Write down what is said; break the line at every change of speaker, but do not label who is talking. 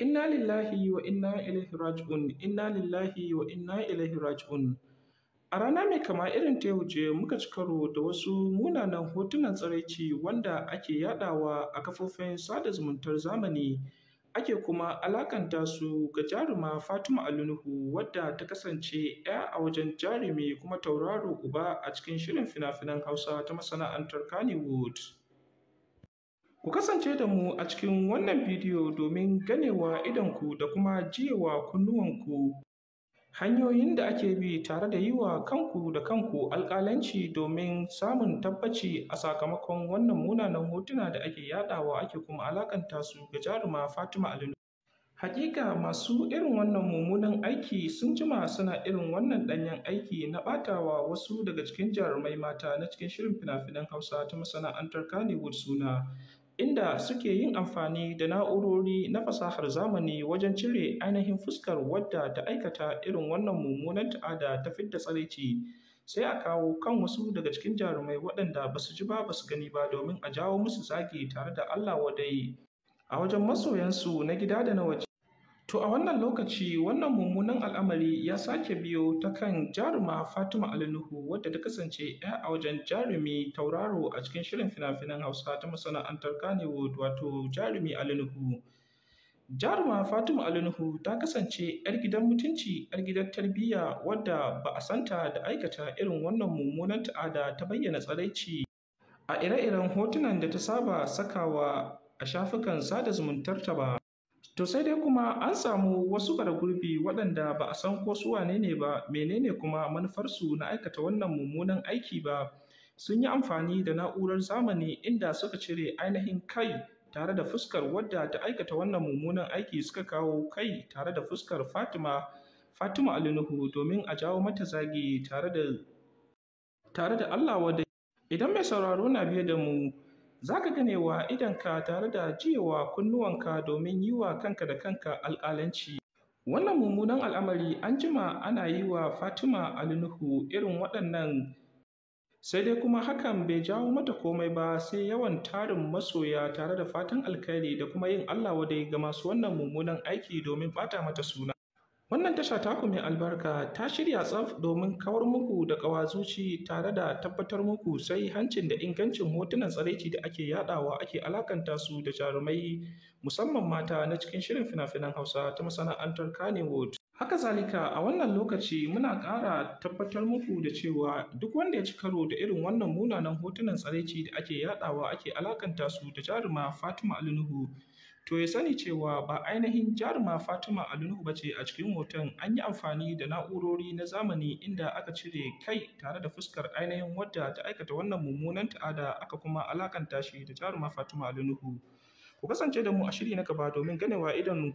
Inna lillahi wa inna ilaihi raji'un. Inna lillahi wa inna ilaihi raji'un. A rana mai kama irin ta yau ce muka ci karo da wasu munanan hotunan tsiraici wanda ake yaɗawa a kafofin sada zumuntar zamani ake kuma alakanta su ga jaruma Fatima Nuhu wadda ta kasance 'ya a wajen jarumi kuma tauraro uba a cikin shirin fina-finan Hausa ta masana'antar Kannywood. Ku kasance da mu a cikin wannan bidiyo domin ganewa idonku da kuma jiyewa kunnuwanku hanyoyin da ake bi tare da yi wa kanku da kanku alƙalanci domin samun tabbaci a sakamakon wannan munanan hotuna da ake yaɗawa ake kuma alaƙanta su ga jaruma Fatima alinu Hakika masu irin wannan mummunan aiki sun jima suna irin wannan ɗanyen aiki na ɓatawa wasu daga cikin jarumai mata na cikin shirin fina-finan Hausa ta masana'antar Kannywood suna. inda suke yin amfani da na'urori na fasahar zamani wajen cire ainihin fuskar wadda ta aikata irin wannan mummunan ta'ada ta fidda tsaraici, sai a kawo kan wasu daga cikin jarumai waɗanda ba su ji ba ba su gani ba domin a jawo musu zagi tare da Allah wadai a wajen masoyansu na gida da na waje. To a wannan lokaci wannan mummunan al'amari ya sake biyo ta kan jaruma Fatima al-Nuhu wadda ta kasance 'ya a wajen jarumi tauraro a cikin shirin fina-finan Hausa ta masana'antar Kannywood wato jarumi al-Nuhu. Jaruma Fatima al-Nuhu ta kasance 'yar gidan mutunci, 'yar gidan tarbiyya wadda ba a santa da aikata irin wannan mummunan ta'ada ta bayyana tsaraici a ire-iren hotunan da ta saba sakawa a shafukan sada zumuntarta ba. To sai dai kuma an samu wasu bara gurbi waɗanda ba a san ko su wane ne ba, menene kuma manufarsu na aikata wannan mummunan aiki ba. Sun yi amfani da na'urar zamani inda suka cire ainihin kai tare da fuskar wadda ta aikata wannan mummunan aiki suka kawo kai tare da fuskar Fatima, Fatima Ali domin a jawo mata zagi tare da, Allah wadda. Idan mai sauraro na biye da mu, za ka ganewa idonka tare da jiyewa kunnuwanka domin yi wa kanka da kanka alƙalanci. Wannan mummunan al'amari an jima ana yi wa Fatima Alinuhu irin waɗannan sai dai kuma hakan bai jawo mata komai ba sai yawan tarin masoya tare da fatan alkhairi da kuma yin Allah wadai ga masu wannan mummunan aiki domin ɓata mata suna. Wannan tasha taku mai albarka ta shirya tsaf domin kawar muku da ƙawazuci tare da tabbatar muku sai hancin da ingancin hotunan tsaraici da ake yaɗawa ake alakanta su da jarumai musamman mata na cikin shirin fina-finan Hausa ta masana'antar Kannywood. Haka zalika a wannan lokaci muna ƙara tabbatar muku da cewa duk wanda ya ci karo da irin wannan munanan hotunan tsaraici da ake yaɗawa ake alakanta su da jaruma Fatima Alinuhu To ya sani cewa ba ainihin jaruma Fatima nuhu ba ce a cikin hoton, an yi amfani da na'urori na zamani inda aka cire kai tare da fuskar ainihin wadda ta aikata wannan mummunan ta'ada aka kuma alaƙanta shi da jaruma Fatima nuhu Ku kasance da mu a shiri na gaba domin ganewa idon.